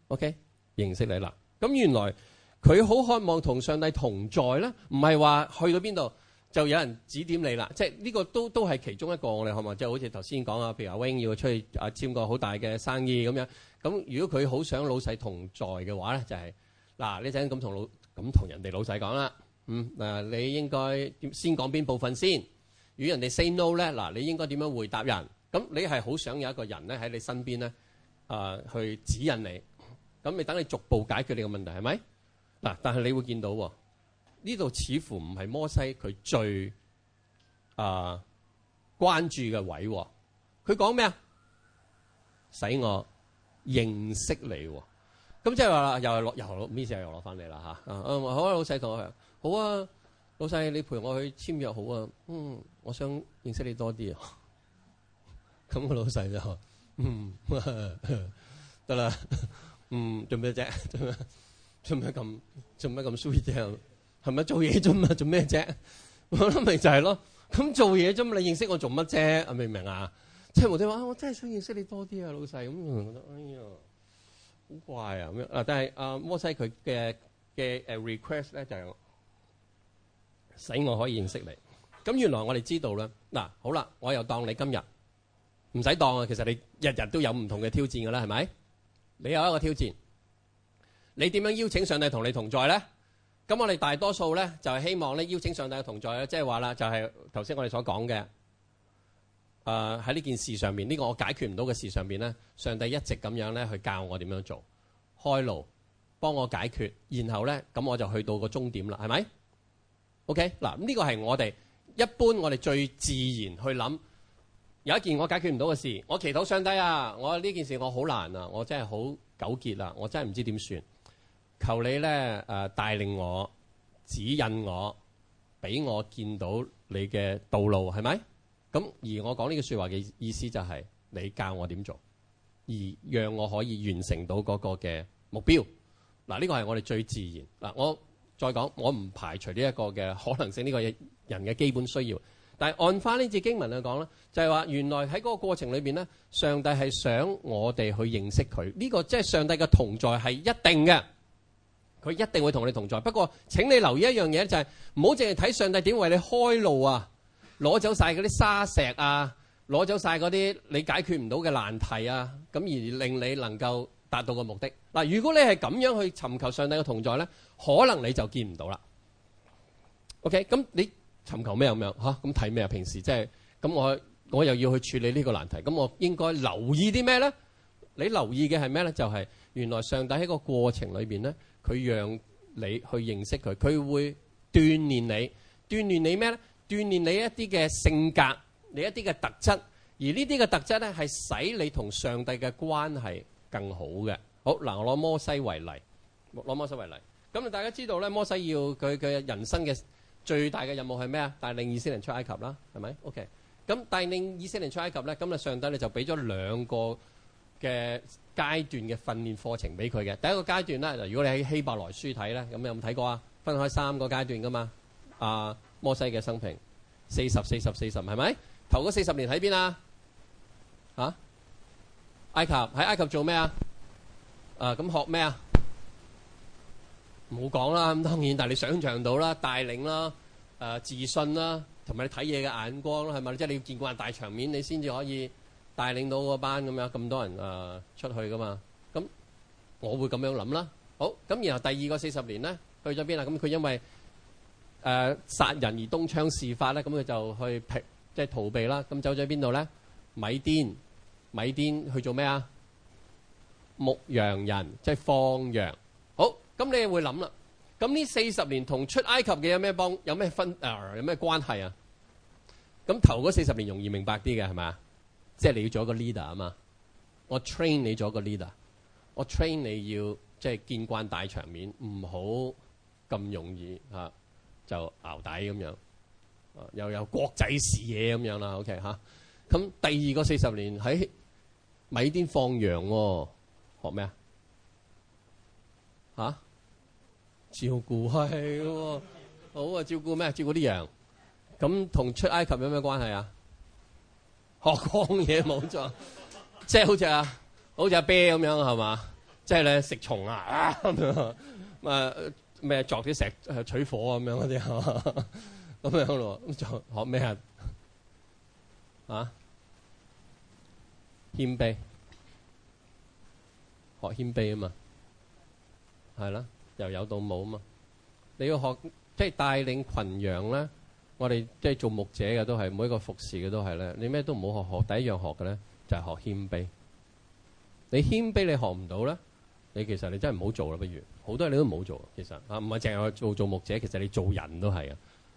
，OK？認識你啦。咁原來佢好渴望同上帝同在咧，唔係話去到邊度就有人指點你啦。即係呢個都都係其中一個我哋渴望，即、就、係、是、好似頭先講啊，譬如阿 Wing 要出去啊簽個好大嘅生意咁樣。咁如果佢好想老細同在嘅話咧，就係、是、嗱、啊，你陣咁同老咁同人哋老細講啦。嗯，嗱、啊，你應該先講邊部分先？與人哋 say no 咧，嗱，你應該點樣回答人？咁你係好想有一個人咧喺你身邊咧，啊，去指引你。咁你等你逐步解決你個問題係咪嗱？但係你會見到呢度、啊、似乎唔係摩西佢最啊關注嘅位。佢講咩啊？使我認識你。咁即係話啦，又係落又 miss 又落翻嚟啦嚇。好啊，老細同我。好啊，老細你陪我去簽約好啊。嗯，我想認識你多啲啊。咁 個老細就，嗯，得 啦。嗯，做咩啫？做咩？做咩咁？做咩咁 sweet 啫？係咪做嘢啫嘛？做咩啫？我諗咪就係咯。咁做嘢啫嘛？你認識我做乜啫？明唔明啊？即係無端端我真係想認識你多啲啊，老細。咁覺得哎呀，好怪啊咁樣啊！但係阿摩西佢嘅嘅誒 request 咧就係。使我可以認識你，咁原來我哋知道啦。嗱，好啦，我又當你今日唔使當啊。其實你日日都有唔同嘅挑戰㗎啦，係咪？你有一個挑戰，你點樣邀請上帝同你同在咧？咁我哋大多數咧就係希望咧邀請上帝嘅同在咧，即係話啦，就係頭先我哋所講嘅。誒喺呢件事上面，呢個我解決唔到嘅事上面咧，上帝一直咁樣咧去教我點樣做，開路幫我解決，然後咧咁我就去到個終點啦，係咪？OK，嗱，呢個係我哋一般我哋最自然去諗有一件我解決唔到嘅事，我祈禱上帝啊，我呢件事我好難啊，我真係好糾結啊，我真係唔知點算，求你咧誒帶領我指引我，俾我見到你嘅道路係咪？咁而我講呢句說話嘅意思就係、是、你教我點做，而讓我可以完成到嗰個嘅目標。嗱，呢個係我哋最自然嗱，我。再講，我唔排除呢一個嘅可能性，呢、這個人嘅基本需要。但係按翻呢節經文去講呢就係、是、話原來喺嗰個過程裏邊呢上帝係想我哋去認識佢。呢、這個即係上帝嘅同在係一定嘅，佢一定會同我哋同在。不過，請你留意一樣嘢，就是，就係唔好淨係睇上帝點為你開路啊，攞走晒嗰啲沙石啊，攞走晒嗰啲你解決唔到嘅難題啊，咁而令你能夠。達到個目的嗱。如果你係咁樣去尋求上帝嘅同在呢，可能你就見唔到啦。OK，咁你尋求咩咁樣嚇？咁睇咩啊？平時即係咁，我我又要去處理呢個難題。咁我應該留意啲咩呢？你留意嘅係咩呢？就係、是、原來上帝喺個過程裏面呢，佢讓你去認識佢，佢會鍛鍊你，鍛鍊你咩呢？鍛鍊你一啲嘅性格，你一啲嘅特質。而呢啲嘅特質呢，係使你同上帝嘅關係。更好嘅，好嗱，我攞摩西為例，攞摩西為例，咁啊大家知道咧，摩西要佢嘅人生嘅最大嘅任務係咩啊？帶領以色列人出埃及啦，係咪？OK，咁帶領以色列人出埃及咧，咁啊上帝咧就俾咗兩個嘅階段嘅訓練課程俾佢嘅。第一個階段咧，嗱如果你喺希伯來書睇咧，咁你有冇睇過啊？分開三個階段噶嘛，啊摩西嘅生平，四十、四十、四十，係咪？頭嗰四十年喺邊啊？啊？埃及喺埃及做咩啊？啊咁學咩啊？唔好講啦，咁當然，但係你想象到啦，帶領啦，誒自信啦，同埋你睇嘢嘅眼光啦，係咪？即係你要見慣大場面，你先至可以帶領到嗰班咁樣咁多人誒出去噶嘛？咁我會咁樣諗啦。好，咁然後第二個四十年咧，去咗邊啊？咁佢因為誒殺人而東窗事發咧，咁佢就去平即係逃避啦。咁走咗邊度咧？米甸。米甸去做咩啊？牧羊人即係放羊。好，咁你會諗啦。咁呢四十年同出埃及嘅有咩幫有咩分啊、呃、有咩關係啊？咁頭嗰四十年容易明白啲嘅係咪啊？即係你要做一個 leader 啊嘛。我 train 你做一個 leader，我 train 你要即係、就是、見慣大場面，唔好咁容易、啊、就熬底咁樣。又、啊、有國際視野咁樣啦。OK 吓、啊。咁第二個四十年喺。米甸放羊喎、哦，學咩啊？嚇？照顧係喎，好啊！照顧咩、哎？照顧啲羊。咁同出埃及有咩關係 啊，啊，啊，啊？學光嘢冇錯，即係好似啊，好似阿啤咁樣係嘛？即係咧食蟲啊，咁樣咁啊咩？鑿啲石取火咁樣嗰啲咁樣咯，咁就學咩啊？啊？謙卑，學謙卑啊嘛，係啦，又有到冇啊嘛。你要學即係帶領群羊啦，我哋即係做牧者嘅都係，每一個服侍嘅都係咧。你咩都唔好學，學第一樣學嘅咧就係學謙卑。你謙卑你學唔到咧，你其實你真係唔好做啦。不如好多嘢你都唔好做，其實啊，唔係淨係去做做牧者，其實你做人都係啊。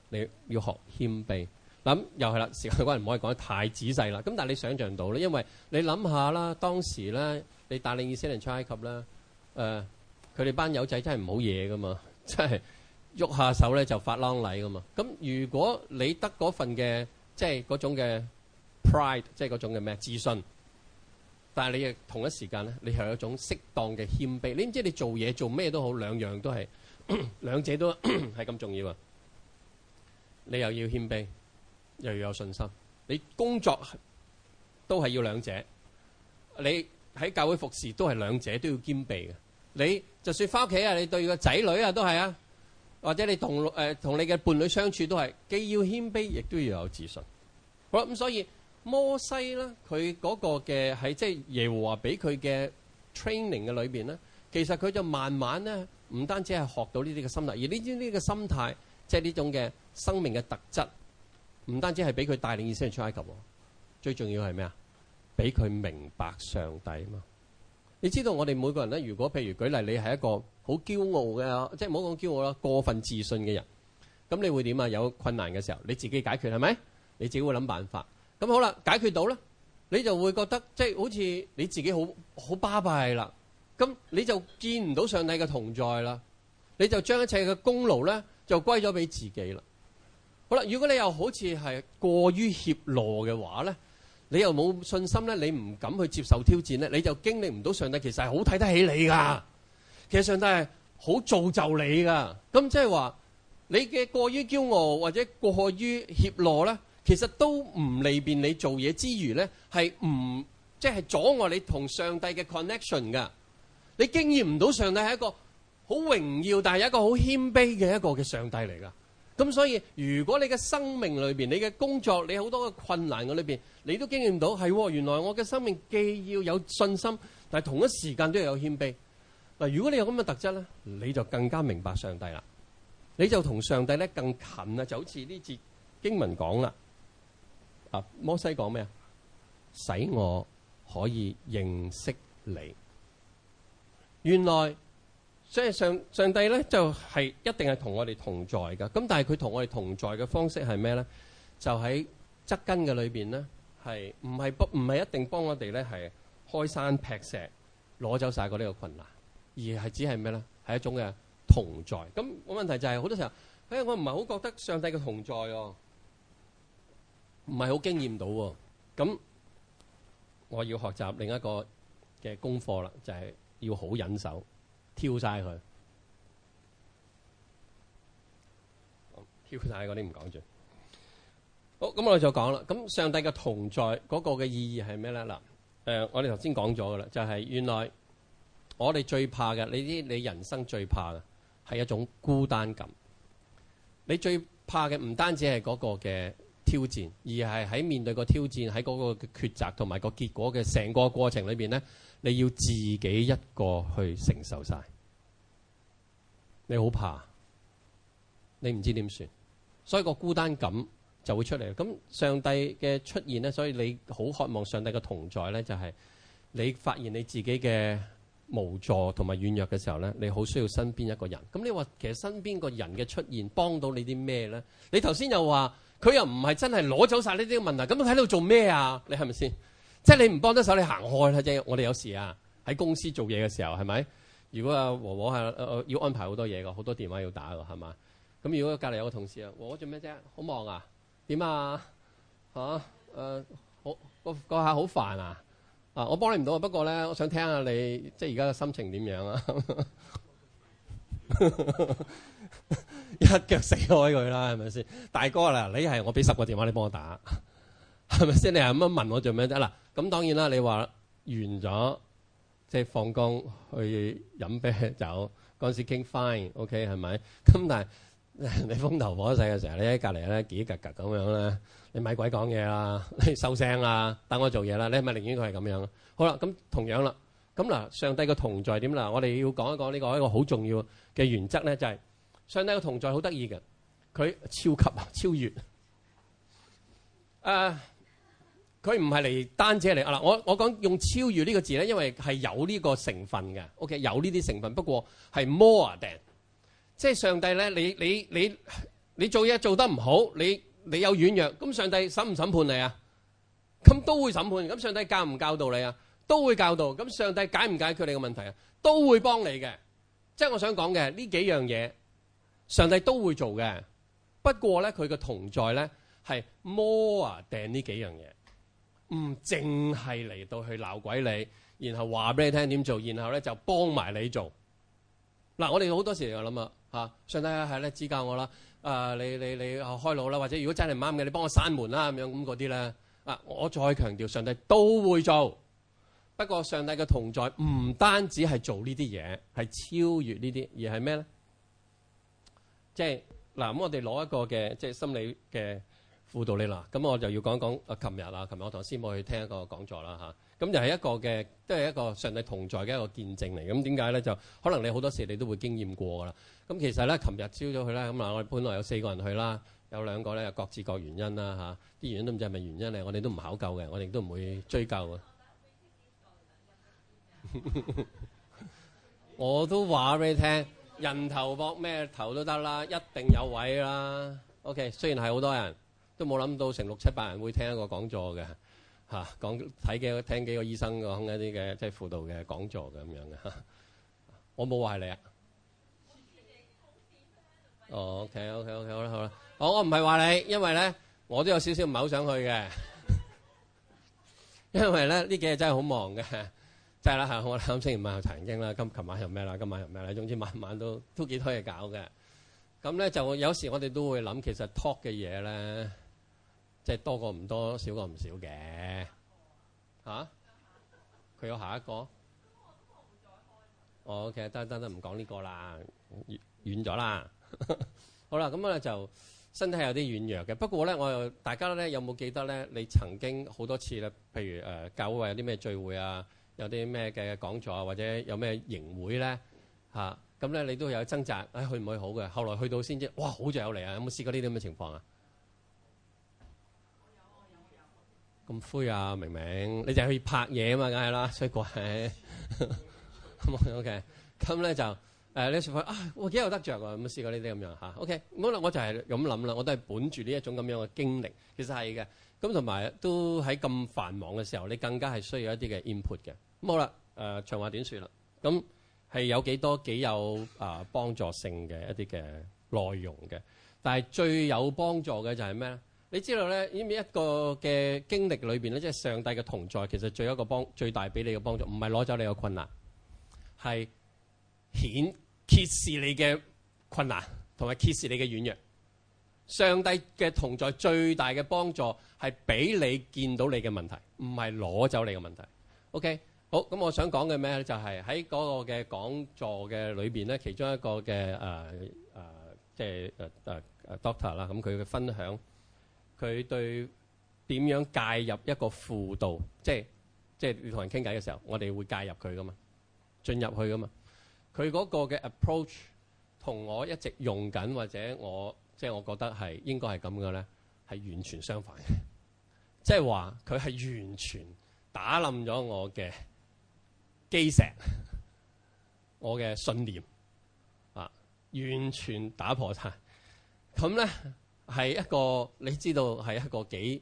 你要學謙卑。諗又係啦，時間關係唔可以講得太仔細啦。咁但係你想像到咧，因為你諗下啦，當時咧你帶領以色列人出埃及咧，誒佢哋班友仔真係唔好嘢噶嘛，真係喐下手咧就發啷禮噶嘛。咁如果你得嗰份嘅即係嗰種嘅 pride，即係嗰種嘅咩自信，但係你亦同一時間咧，你係有一種適當嘅謙卑。你唔知你做嘢做咩都好，兩樣都係兩者都係咁重要啊！你又要謙卑。又要有信心。你工作都係要兩者，你喺教會服侍都係兩者都要兼備嘅。你就算翻屋企啊，你對個仔女啊都係啊，或者你同誒、呃、同你嘅伴侶相處都係，既要謙卑，亦都要有自信。好啦，咁所以摩西咧，佢嗰個嘅喺即係耶和華俾佢嘅 training 嘅裏邊咧，其實佢就慢慢咧唔單止係學到呢啲嘅心態，而呢啲呢個心態即係呢種嘅生命嘅特質。唔單止係俾佢帶領以色列出埃及，最重要係咩啊？俾佢明白上帝啊嘛！你知道我哋每個人咧，如果譬如舉例，你係一個好驕傲嘅，即係唔好講驕傲啦，過分自信嘅人，咁你會點啊？有困難嘅時候，你自己解決係咪？你自己會諗辦法。咁好啦，解決到啦，你就會覺得即係好似你自己好好巴閉啦。咁你就見唔到上帝嘅同在啦，你就將一切嘅功勞咧就歸咗俾自己啦。好啦，如果你又好似係過於怯懦嘅話咧，你又冇信心咧，你唔敢去接受挑戰咧，你就經歷唔到上帝。其實係好睇得起你噶，其實上帝係好造就你噶。咁即係話，你嘅過於驕傲或者過於怯懦咧，其實都唔利便你做嘢之餘咧，係唔，即係阻礙你同上帝嘅 connection 噶。你經驗唔到上帝係一個好榮耀，但係一個好謙卑嘅一個嘅上帝嚟噶。咁所以，如果你嘅生命裏邊，你嘅工作，你好多嘅困難嘅裏邊，你都經驗到，係喎、哦，原來我嘅生命既要有信心，但係同一時間都要有謙卑。嗱，如果你有咁嘅特質咧，你就更加明白上帝啦，你就同上帝咧更近啦！就好似呢節經文講啦，啊，摩西講咩啊？使我可以認識你，原來。所以上上帝咧就係、是、一定係同我哋同在嘅。咁但係佢同我哋同在嘅方式係咩咧？就喺側根嘅裏面咧，係唔係唔係一定幫我哋咧？係開山劈石，攞走曬個呢個困難，而係只係咩咧？係一種嘅同在。咁個問題就係、是、好多時候，哎、我唔係好覺得上帝嘅同在喎、啊，唔係好經驗到喎、啊。咁我要學習另一個嘅功課啦，就係、是、要好忍手。挑晒佢，挑晒嗰啲唔講住。好，咁我哋就講啦。咁上帝嘅同在嗰個嘅意義係咩咧？嗱，誒，我哋頭先講咗噶啦，就係原來我哋最怕嘅，你知你人生最怕嘅係一種孤單感。你最怕嘅唔單止係嗰個嘅挑戰，而係喺面對個挑戰喺嗰個嘅抉擇同埋個結果嘅成個過程裏邊咧。你要自己一個去承受晒，你好怕，你唔知點算，所以個孤單感就會出嚟。咁上帝嘅出現咧，所以你好渴望上帝嘅同在咧，就係你發現你自己嘅無助同埋軟弱嘅時候咧，你好需要身邊一個人。咁你話其實身邊個人嘅出現幫到你啲咩咧？你頭先又話佢又唔係真係攞走晒呢啲問題，咁佢喺度做咩啊？你係咪先？即係你唔幫得手，你行開啦！即係我哋有時啊，喺公司做嘢嘅時候，係咪？如果阿和和係要安排好多嘢㗎，好多電話要打㗎，係嘛？咁如果隔離有個同事啊，和和做咩啫？好忙啊？點啊？嚇、啊、誒、啊？好個下好，好，好煩啊！啊，我幫你唔到啊，不過咧，我想聽下你即係而家嘅心情點樣啊？ 一腳死開佢啦，係咪先？大哥啦，你係，我俾十個電話你幫我打。係咪先？你又咁問我做咩啫？嗱，咁當然啦。你話完咗，即係放工去飲啤酒嗰陣時傾 fine，OK 係咪？咁但係你風頭火勢嘅時候，你喺隔離咧，結結格格咁樣啦，你咪鬼講嘢啦，你收聲啦，等我做嘢啦。你係咪寧願佢係咁樣？好啦，咁同樣啦，咁嗱，上帝嘅同在點啦？我哋要講一講呢個一個好重要嘅原則咧，就係上帝嘅同在好得意嘅，佢超級超越，誒。佢唔係嚟單車嚟啊！嗱，我我講用超越呢個字咧，因為係有呢個成分嘅，OK，有呢啲成分。不過係 more than，即係上帝咧，你你你你做嘢做得唔好，你你有軟弱，咁上帝審唔審判你啊？咁都會審判。咁上帝教唔教導你啊？都會教導。咁上帝解唔解決你個問題啊？都會幫你嘅。即係我想講嘅呢幾樣嘢，上帝都會做嘅。不過咧，佢嘅同在咧係 more than 呢幾樣嘢。唔淨係嚟到去鬧鬼你，然後話俾你聽點做，然後咧就幫埋你做。嗱、啊，我哋好多時又諗啊，上帝係咧指教我啦、啊，你你你、啊、開腦啦，或者如果真係唔啱嘅，你幫我閂門啦咁樣，咁嗰啲咧。嗱，我再強調，上帝都會做。不過上帝嘅同在唔單止係做呢啲嘢，係超越呢啲，而係咩咧？即係嗱，咁、啊、我哋攞一個嘅即係心理嘅。輔導你啦，咁我就要講一講啊，琴日啦，琴日我同師母去聽一個講座啦嚇，咁、啊、就係一個嘅，都係一個上帝同在嘅一個見證嚟。咁點解咧？就可能你好多時你都會經驗過噶啦。咁、啊、其實咧，琴日朝早去啦，咁啊，我哋本來有四個人去啦，有兩個咧，有各自各原因啦啲、啊、原因都唔知係咪原因咧，我哋都唔考究嘅，我哋都唔會追究。 我都話俾你聽，人頭搏咩頭都得啦，一定有位啦。OK，雖然係好多人。都冇諗到成六七百人會聽一個講座㗎吓，講睇幾聽幾個醫生講一啲嘅，即係輔導嘅講座嘅咁樣嘅。我冇話你啊。哦，OK，OK，OK，好啦，好啦。我我唔係話你，因為咧，我都有少少唔係好想去嘅，因為咧呢幾日真係好忙嘅，真係啦。我啱先星期五晚又查經啦，今琴晚又咩啦，今晚又咩啦。總之晚晚都都幾多嘢搞嘅。咁咧就有時我哋都會諗，其實 talk 嘅嘢咧。即係多過唔多，少過唔少嘅嚇。佢、啊、有下一個。哦，其實得得得，唔講呢個啦，遠咗啦。好啦，咁啊就身體有啲軟弱嘅。不過咧，我又大家咧有冇記得咧？你曾經好多次咧，譬如誒、呃、教會有啲咩聚會啊，有啲咩嘅講座啊，或者有咩營會咧嚇。咁、啊、咧你都有掙扎，誒、哎、去唔去好嘅？後來去到先知，哇好就有嚟啊！有冇試過呢啲咁嘅情況啊？咁灰啊，明明，你就係去拍嘢啊嘛，梗係啦，衰鬼。咁 OK，咁、嗯、咧就誒呢、呃、啊，我幾有得着啊，有冇試過呢啲咁樣吓？OK，我咧我就係咁諗啦，我都係本住呢一種咁樣嘅經歷，其實係嘅。咁同埋都喺咁繁忙嘅時候，你更加係需要一啲嘅 input 嘅。咁、嗯、好啦，誒、呃、長話短説啦，咁、嗯、係有幾多幾有啊幫助性嘅一啲嘅內容嘅，但係最有幫助嘅就係咩咧？你知道咧，呢邊一個嘅經歷裏面，咧，即係上帝嘅同在，其實最一個幫最大俾你嘅幫助，唔係攞走你嘅困難，係顯揭示你嘅困難同埋揭示你嘅軟弱。上帝嘅同在最大嘅幫助係俾你見到你嘅問題，唔係攞走你嘅問題。OK，好，咁我想講嘅咩咧，就係喺嗰個嘅講座嘅裏面咧，其中一個嘅即係 Doctor 啦、啊，咁佢嘅分享。佢對點樣介入一個輔導，即係即係你同人傾偈嘅時候，我哋會介入佢噶嘛，進入去噶嘛。佢嗰個嘅 approach 同我一直用緊或者我即係、即係、我覺得係應該係咁嘅咧，係完全相反嘅。即係話佢係完全打冧咗我嘅基石，我嘅信念啊，完全打破晒。咁咧。係一個你知道係一個幾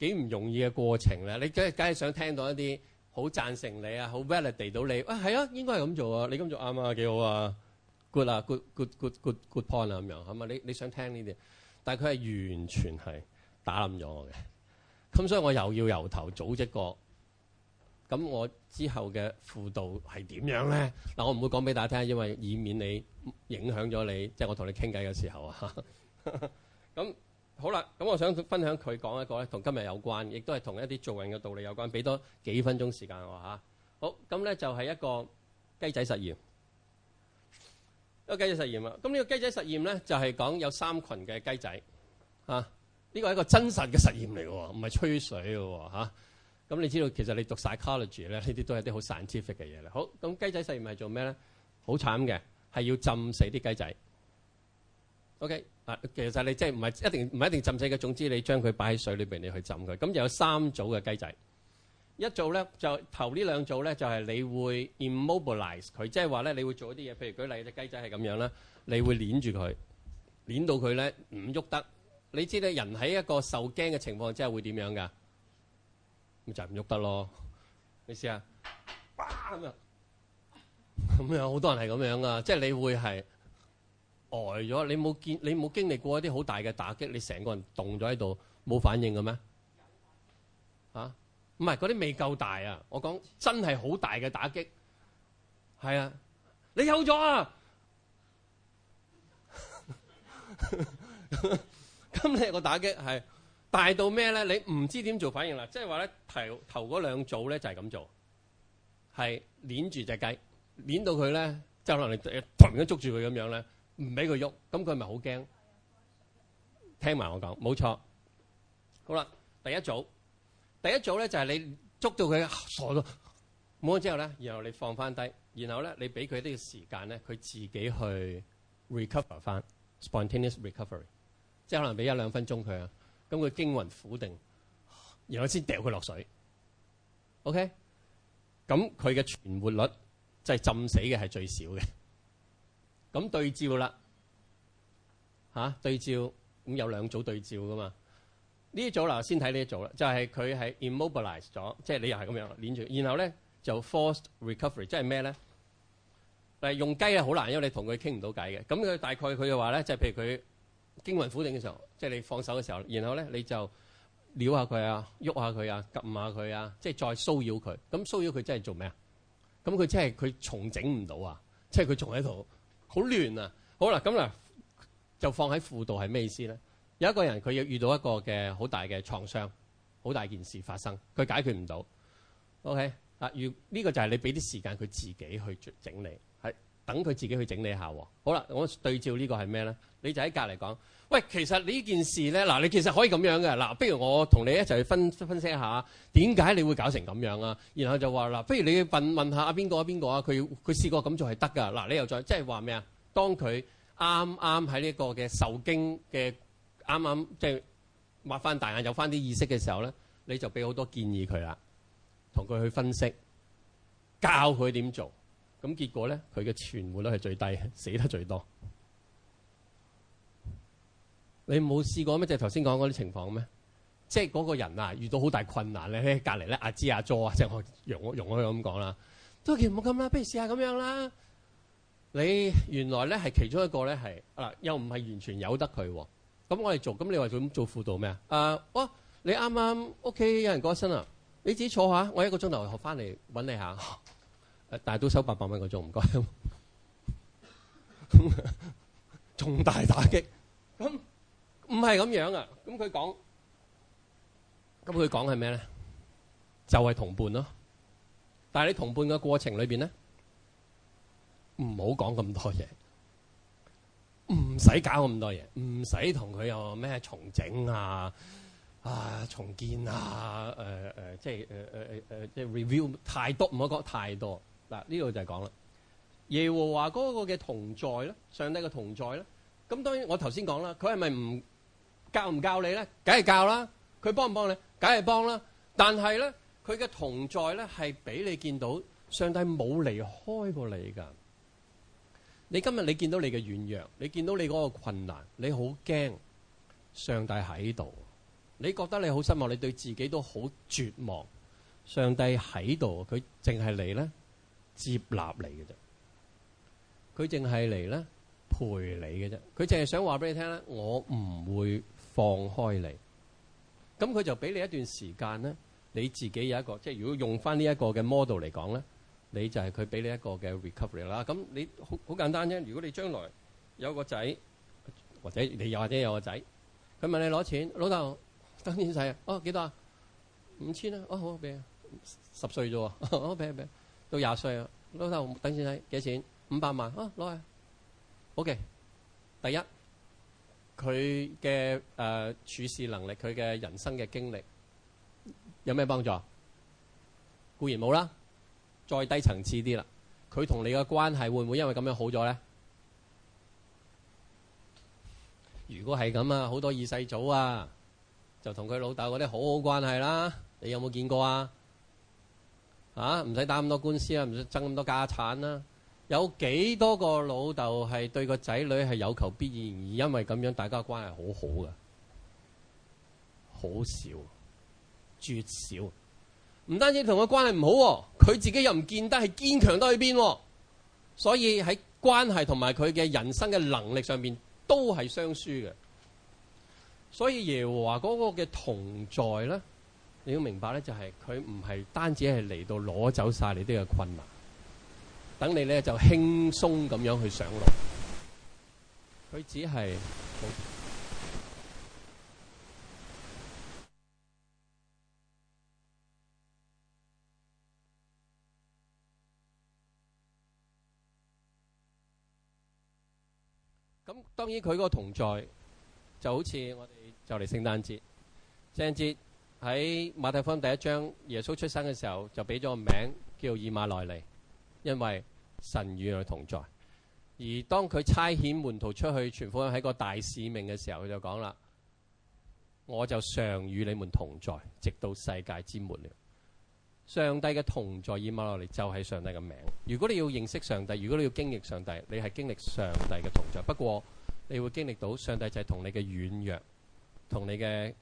幾唔容易嘅過程咧，你梗係梗係想聽到一啲好贊成你啊，好 validate 到你，啊、哎、係啊，應該係咁做啊，你咁做啱啊，幾好啊，good 啊，good good good good good point 啊咁樣，係咪？你你想聽呢啲，但係佢係完全係打冧咗我嘅，咁所以我又要由頭組織過，咁我之後嘅輔導係點樣咧？嗱，我唔會講俾大家聽，因為以免你影響咗你，即、就、係、是、我同你傾偈嘅時候啊。 咁好啦，咁我想分享佢講一個咧，同今日有關，亦都係同一啲做人嘅道理有關。俾多幾分鐘時間我嚇，啊。好，咁咧就係一個雞仔實驗。一個雞仔實驗啊，咁呢個雞仔實驗咧就係、是、講有三群嘅雞仔。嚇，啊，呢、呢個係一個真實嘅實驗嚟嘅喎，唔係吹水嘅喎。咁你知道其實你讀 psychology 咧，呢啲都係啲好 scientific 嘅嘢啦。好，咁雞仔實驗係做咩咧？好慘嘅，係要浸死啲雞仔。OK，啊，其實你即係唔係一定唔係一定浸死嘅，總之你將佢擺喺水裏邊，你去浸佢。咁就有三組嘅雞仔，一組咧就頭呢兩組咧就係、是、你會 immobilize 佢，即係話咧你會做一啲嘢，譬如舉例隻雞仔係咁樣啦，你會攣住佢，攣到佢咧唔喐得。你知咧人喺一個受驚嘅情況之下會點樣噶？咁就係唔喐得咯。你試下，咁樣，好多人係咁樣噶，即、就、係、是、你會係。呆咗，你冇見，你冇經歷過一啲好大嘅打擊，你成個人凍咗喺度冇反應嘅咩？啊，唔係嗰啲未夠大啊！我講真係好大嘅打擊，係啊，你有咗啊？今 你個打擊係大到咩咧？你唔知點做反應啦！即係話咧，頭頭嗰兩組咧就係咁做，係捻住隻雞，捻到佢咧就可能你突然間捉住佢咁樣咧。唔俾佢喐，咁佢咪好驚？聽埋我講，冇錯。好啦，第一組，第一組咧就係你捉到佢傻咗，摸咗、啊、之後咧，然後你放翻低，然後咧你俾佢啲時間咧，佢自己去 recover 翻，spontaneous recovery，即係可能俾一兩分鐘佢啊，咁佢驚魂甫定，然後先掉佢落水。OK，咁佢嘅存活率就係、是、浸死嘅係最少嘅。咁對照啦嚇、啊、對照咁有兩組對照噶嘛呢組嗱先睇呢組啦，就係、是、佢係 immobilize 咗，即、就、係、是、你又係咁樣連住，然後咧就 forced recovery，即係咩咧？用雞啊好難，因為你同佢傾唔到偈嘅。咁佢大概佢嘅話咧，就係、是、譬如佢驚魂苦定嘅時候，即、就、係、是、你放手嘅時候，然後咧你就撩下佢啊，喐下佢啊，撳下佢啊，即、就、係、是、再騷擾佢。咁騷擾佢真係做咩啊？咁佢真係佢重整唔到啊，即係佢仲喺度。好亂啊！好啦，咁啦就放喺輔導係咩意思咧？有一個人佢要遇到一個嘅好大嘅創傷，好大件事發生，佢解決唔到。OK，啊，如呢個就係你俾啲時間佢自己去整整理。等佢自己去整理一下，好啦，我對照呢個係咩咧？你就喺隔離講，喂，其實呢件事咧，嗱，你其實可以咁樣嘅，嗱，不如我同你一齊去分分析一下，點解你會搞成咁樣啊？然後就話嗱，不如你去問問一下阿邊個啊邊個啊，佢佢、啊、試過咁做係得㗎。嗱，你又再即係話咩啊？當佢啱啱喺呢個嘅受驚嘅啱啱，即係擘翻大眼有翻啲意識嘅時候咧，你就俾好多建議佢啦，同佢去分析，教佢點做。咁結果咧，佢嘅存活率係最低，死得最多。你冇試過咩？即係頭先講嗰啲情況咩？即係嗰個人啊，遇到好大困難咧，隔離咧，阿芝阿 jo 啊，即係我用用佢咁講啦，都叫唔好咁啦，不如試下咁樣啦。你原來咧係其中一個咧係嗱，又唔係完全由得佢喎。咁我哋做，咁你話做做輔導咩啊？誒，哇！你啱啱屋企有人過身啦，你自己坐下，我一個鐘頭後翻嚟揾你一下。誒，但係都收八百蚊個鐘，唔該。重大打擊，咁唔係咁樣啊？咁佢講，咁佢講係咩咧？就係同伴咯。但係你同伴嘅過程裏邊咧，唔好講咁多嘢，唔使搞咁多嘢，唔使同佢有咩重整啊、啊重建啊、誒誒，即係誒誒誒誒，即係 review 太多，唔好講太多。嗱，呢度就係講啦。耶和華嗰個嘅同在咧，上帝嘅同在咧。咁當然我頭先講啦，佢係咪唔教唔教你咧？梗係教啦。佢幫唔幫你？梗係幫啦。但係咧，佢嘅同在咧係俾你見到上帝冇離開過你㗎。你今日你見到你嘅軟弱，你見到你嗰個困難，你好驚。上帝喺度，你覺得你好失望，你對自己都好絕望。上帝喺度，佢淨係你咧，接納嚟嘅啫，佢淨係嚟咧陪你嘅啫。佢淨係想話俾你聽咧，我唔會放開你。咁佢就俾你一段時間咧，你自己有一個即係如果用翻呢一個嘅 model 嚟講咧，你就係佢俾你一個嘅 recovery 啦。咁你好好簡單啫。如果你將來有個仔或者你又或者有個仔，佢問你攞錢，老豆等錢使啊，哦，幾多啊？五千啊，哦，好俾、啊、十歲啫喎，俾、哦、啊俾。都廿歲啦，老豆等先睇幾錢？五百萬啊，攞去。OK，第一，佢嘅誒處事能力，佢嘅人生嘅經歷，有咩幫助？固然冇啦，再低層次啲啦。佢同你嘅關係會唔會因為咁樣好咗咧？如果係咁啊，好多二世祖啊，就同佢老豆嗰啲好好關係啦。你有冇見過啊？啊！唔使打咁多官司，唔使爭咁多家產啦、啊。有幾多個老豆係對個仔女係有求必應，而因為咁樣，大家關係好好噶，好少，絕少。唔單止同佢關係唔好、啊，佢自己又唔見得係堅強到去邊、啊，所以喺關係同埋佢嘅人生嘅能力上面都係相輸嘅。所以耶和華嗰個嘅同在咧。你要明白咧，就係佢唔係單止係嚟到攞走晒你啲嘅困難，等你咧就輕鬆咁樣去上路。佢只係咁，當然佢嗰個同在就好似我哋就嚟聖誕節，聖誕節。喺馬太福音第一章，耶穌出生嘅時候就俾咗個名叫以馬內利，因為神與我們同在。而當佢差遣門徒出去傳福音喺個大使命嘅時候，佢就講啦：我就常與你們同在，直到世界之末了。上帝嘅同在以馬內利就係上帝嘅名。如果你要認識上帝，如果你要經歷上帝，你係經歷上帝嘅同在。不過你會經歷到上帝就係同你嘅軟弱，同你嘅。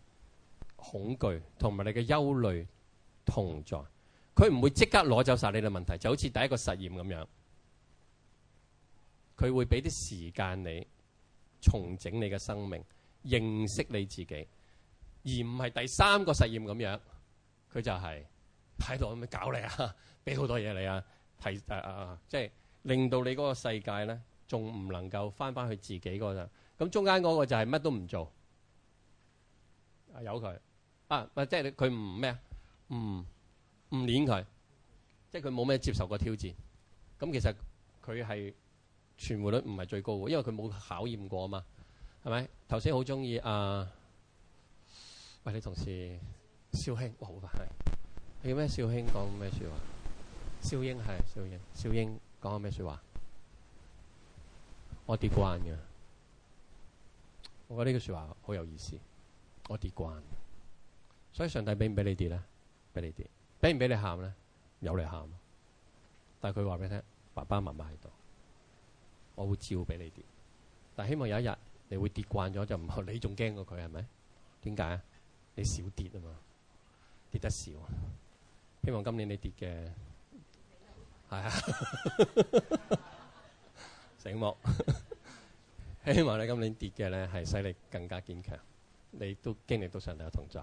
恐懼同埋你嘅憂慮同在，佢唔會即刻攞走晒你嘅問題，就好似第一個實驗咁樣，佢會俾啲時間你重整你嘅生命，認識你自己，而唔係第三個實驗咁樣，佢就係喺度咁樣搞你啊，俾好多嘢你啊，提誒誒，即啊係啊就是令到你嗰個世界咧，仲唔能夠翻翻去自己嗰那陣個？咁中間嗰個就係乜都唔做，啊有佢。啊！咪即係佢唔咩啊？唔唔，碾佢，即係佢冇咩接受過挑戰。咁其實佢係存活率唔係最高嘅，因為佢冇考驗過啊嘛。係咪？頭先好中意啊！喂，你同事少卿，哇好快！你叫咩？少卿講咩說話？少英係少英，少英講咩說話？我跌慣嘅，我覺得呢句說話好有意思。我跌慣。所以上帝俾唔俾你跌咧？俾你跌，俾唔俾你喊咧？有你喊，但係佢話俾你聽，爸爸媽媽喺度，我會照俾你跌。但係希望有一日你會跌慣咗，就唔好你仲驚過佢係咪？點解啊？你少跌啊嘛，跌得少。希望今年你跌嘅係 是啊， 醒目。 希望你今年跌嘅咧係使你更加堅強，你都經歷到上帝嘅同在。